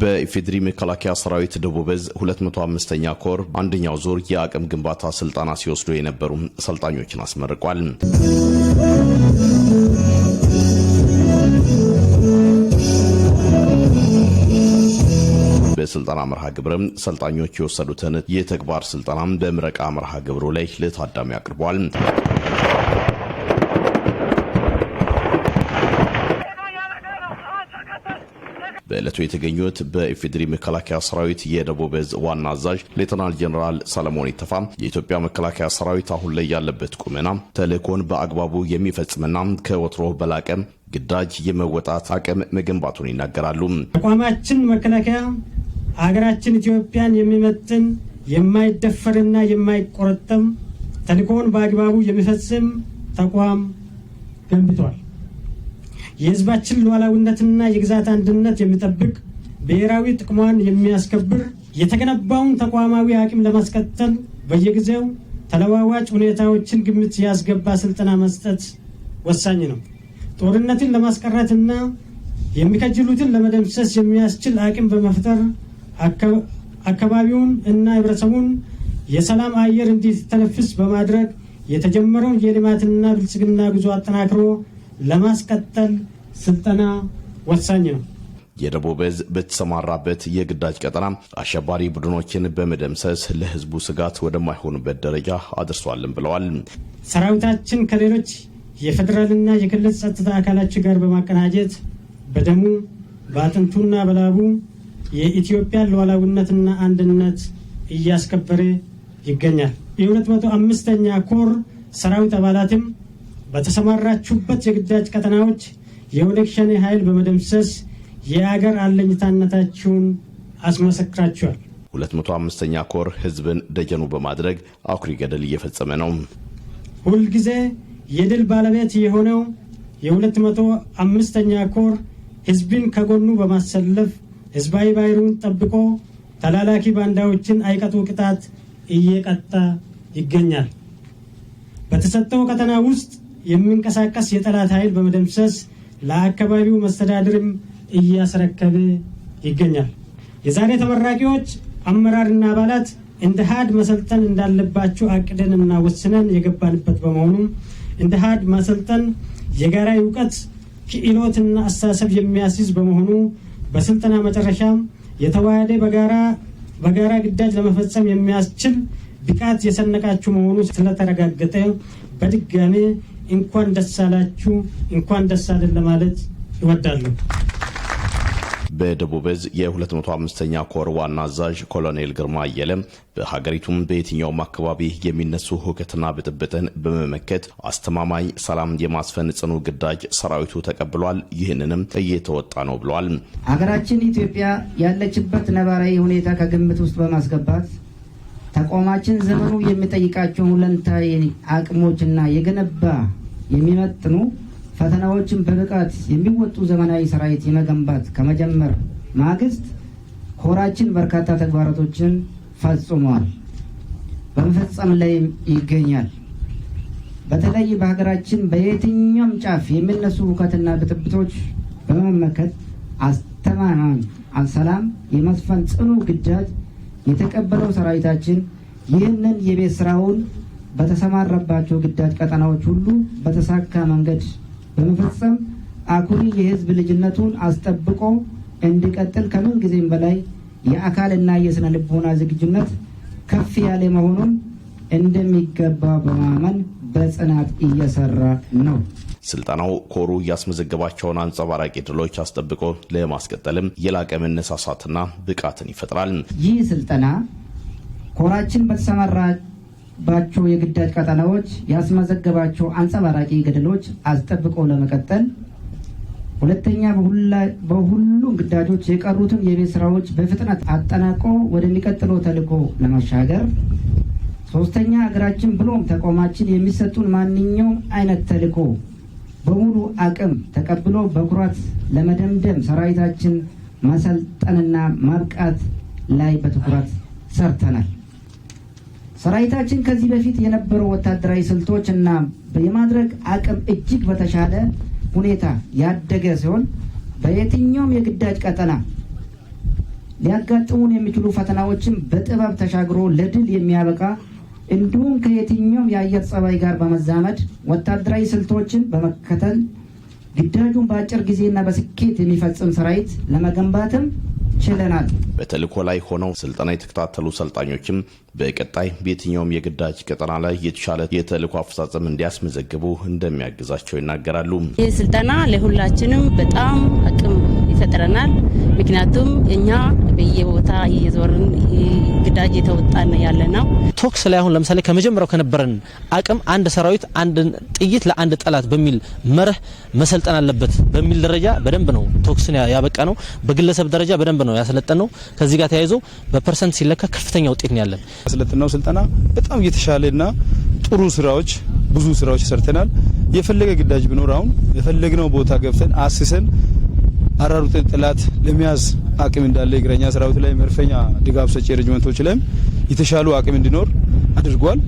በኢፌድሪ መከላከያ ሰራዊት ደቡብ እዝ ኛ ኮር አንደኛው ዙር የአቅም ግንባታ ስልጠና ሲወስዱ የነበሩ ሰልጣኞችን አስመርቋል። በስልጠና መርሃ ግብርም ሰልጣኞች የወሰዱትን የተግባር ስልጠና በምረቃ መርሃ ግብሩ ላይ ለታዳሚ አቅርቧል። በዕለቱ የተገኙት በኢፌዴሪ መከላከያ ሰራዊት የደቡብ እዝ ዋና አዛዥ ሌተናል ጀኔራል ሰለሞን ይተፋ የኢትዮጵያ መከላከያ ሰራዊት አሁን ላይ ያለበት ቁመና ተልእኮን በአግባቡ የሚፈጽምና ከወትሮ በላቀ ግዳጅ የመወጣት አቅም መገንባቱን ይናገራሉ። ተቋማችን መከላከያ አገራችን ኢትዮጵያን የሚመጥን የማይደፈርና የማይቆረጠም ተልእኮውን በአግባቡ የሚፈጽም ተቋም ገንብቷል። የህዝባችን ሉዓላዊነትና የግዛት አንድነት የሚጠብቅ ብሔራዊ ጥቅሟን የሚያስከብር የተገነባውን ተቋማዊ አቅም ለማስቀጠል በየጊዜው ተለዋዋጭ ሁኔታዎችን ግምት ያስገባ ስልጠና መስጠት ወሳኝ ነው። ጦርነትን ለማስቀረት እና የሚከጅሉትን ለመደምሰስ የሚያስችል አቅም በመፍጠር አካባቢውን እና ህብረተሰቡን የሰላም አየር እንዲተነፍስ በማድረግ የተጀመረውን የልማትና ብልጽግና ጉዞ አጠናክሮ ለማስቀጠል ስልጠና ወሳኝ ነው። የደቡብ እዝ በተሰማራበት የግዳጅ ቀጠና አሸባሪ ቡድኖችን በመደምሰስ ለህዝቡ ስጋት ወደማይሆኑበት ደረጃ አድርሷልን ብለዋል። ሰራዊታችን ከሌሎች የፌዴራልና የክልል ጸጥታ አካላች ጋር በማቀናጀት በደሙ በአጥንቱና በላቡ የኢትዮጵያን ሉዓላዊነትና አንድነት እያስከበረ ይገኛል። የ205ኛ ኮር ሰራዊት አባላትም በተሰማራችሁበት የግዳጅ ቀጠናዎች የኦነግ ሸኔ ኃይል በመደምሰስ የአገር አለኝታነታችሁን አስመሰክራችኋል። 205ኛ ኮር ህዝብን ደጀኑ በማድረግ አኩሪ ገደል እየፈጸመ ነው። ሁልጊዜ የድል ባለቤት የሆነው የ205ኛ ኮር ህዝብን ከጎኑ በማሰለፍ ህዝባዊ ባይሩን ጠብቆ ተላላኪ ባንዳዎችን አይቀጡ ቅጣት እየቀጣ ይገኛል። በተሰጠው ቀጠና ውስጥ የሚንቀሳቀስ የጠላት ኃይል በመደምሰስ ለአካባቢው መስተዳድርም እያስረከበ ይገኛል። የዛሬ ተመራቂዎች አመራርና አባላት እንደ ሀድ መሰልጠን እንዳለባቸው አቅደን እና ወስነን የገባንበት በመሆኑ እንደ ሀድ ማሰልጠን የጋራ እውቀት ክህሎትና አስተሳሰብ የሚያስይዝ በመሆኑ በስልጠና መጨረሻ የተዋሃደ በጋራ ግዳጅ ለመፈጸም የሚያስችል ብቃት የሰነቃችሁ መሆኑ ስለተረጋገጠ በድጋሜ እንኳን ደስ አላችሁ እንኳን ደስ አለን ለማለት ይወዳሉ። በደቡብ እዝ የ205ኛ ኮር ዋና አዛዥ ኮሎኔል ግርማ አየለ በሀገሪቱም በየትኛውም አካባቢ የሚነሱ ሁከትና ብጥብጥን በመመከት አስተማማኝ ሰላም የማስፈን ጽኑ ግዳጅ ሰራዊቱ ተቀብሏል፣ ይህንንም እየተወጣ ነው ብሏል። ሀገራችን ኢትዮጵያ ያለችበት ነባራዊ ሁኔታ ከግምት ውስጥ በማስገባት ተቋማችን ዘመኑ የሚጠይቃቸውን ሁለንታዊ አቅሞችና የገነባ የሚመጥኑ ፈተናዎችን በብቃት የሚወጡ ዘመናዊ ሰራዊት የመገንባት ከመጀመር ማግስት ኮራችን በርካታ ተግባራቶችን ፈጽሟል፣ በመፈጸም ላይ ይገኛል። በተለይ በሀገራችን በየትኛውም ጫፍ የሚነሱ ሁከትና ብጥብጦች በመመከት አስተማማኝ አሰላም የመስፈን ጽኑ ግዳጅ የተቀበለው ሰራዊታችን ይህንን የቤት ስራውን በተሰማራባቸው ግዳጅ ቀጠናዎች ሁሉ በተሳካ መንገድ በመፈጸም አኩሪ የህዝብ ልጅነቱን አስጠብቆ እንዲቀጥል ከምን ጊዜም በላይ የአካልና የስነ ልቦና ዝግጁነት ከፍ ያለ መሆኑን እንደሚገባ በማመን በጽናት እየሰራ ነው። ስልጠናው ኮሩ እያስመዘገባቸውን አንጸባራቂ ድሎች አስጠብቆ ለማስቀጠልም የላቀ መነሳሳትና ብቃትን ይፈጥራል። ይህ ስልጠና ኮራችን በተሰማራ ባቸው የግዳጅ ቀጠናዎች ያስመዘገባቸው አንጸባራቂ ገድሎች አስጠብቆ ለመቀጠል ሁለተኛ በሁሉም ግዳጆች የቀሩትን የቤት ስራዎች በፍጥነት አጠናቆ ወደሚቀጥለው ተልዕኮ ለመሻገር ሶስተኛ ሀገራችን ብሎም ተቋማችን የሚሰጡን ማንኛውም አይነት ተልዕኮ በሙሉ አቅም ተቀብሎ በኩራት ለመደምደም ሰራዊታችን ማሰልጠንና ማብቃት ላይ በትኩረት ሰርተናል። ሰራዊታችን ከዚህ በፊት የነበሩ ወታደራዊ ስልቶች እና የማድረግ አቅም እጅግ በተሻለ ሁኔታ ያደገ ሲሆን በየትኛውም የግዳጅ ቀጠና ሊያጋጥሙን የሚችሉ ፈተናዎችን በጥበብ ተሻግሮ ለድል የሚያበቃ እንዲሁም ከየትኛውም የአየር ጸባይ ጋር በመዛመድ ወታደራዊ ስልቶችን በመከተል ግዳጁን በአጭር ጊዜና በስኬት የሚፈጽም ሰራዊት ለመገንባትም ችለናል። በተልእኮ ላይ ሆነው ስልጠና የተከታተሉ ሰልጣኞችም በቀጣይ በየትኛውም የግዳጅ ቀጠና ላይ የተሻለ የተልእኮ አፈጻጸም እንዲያስመዘግቡ እንደሚያግዛቸው ይናገራሉ። ይህ ስልጠና ለሁላችንም በጣም አቅም ይፈጥረናል። ምክንያቱም እኛ በየቦታ እየዞርን ግዳጅ የተወጣን ያለ ነው። ቶክስ ላይ አሁን ለምሳሌ ከመጀመሪያው ከነበረን አቅም አንድ ሰራዊት አንድ ጥይት ለአንድ ጠላት በሚል መርህ መሰልጠን አለበት በሚል ደረጃ በደንብ ነው ቶክስን ያበቃ ነው። በግለሰብ ደረጃ በደንብ ነው ያሰለጠን ነው። ከዚህ ጋር ተያይዞ በፐርሰንት ሲለካ ከፍተኛ ውጤት ነው ያለን። ያሰለጥነው ስልጠና በጣም እየተሻለና ጥሩ ስራዎች ብዙ ስራዎች ሰርተናል። የፈለገ ግዳጅ ቢኖር አሁን የፈለግነው ቦታ ገብተን አስሰን አራሩጤን ጠላት ለመያዝ አቅም እንዳለ እግረኛ ሰራዊት ላይ መርፈኛ ድጋፍ ሰጪ ሬጅመንቶች ላይም የተሻሉ አቅም እንዲኖር አድርጓል።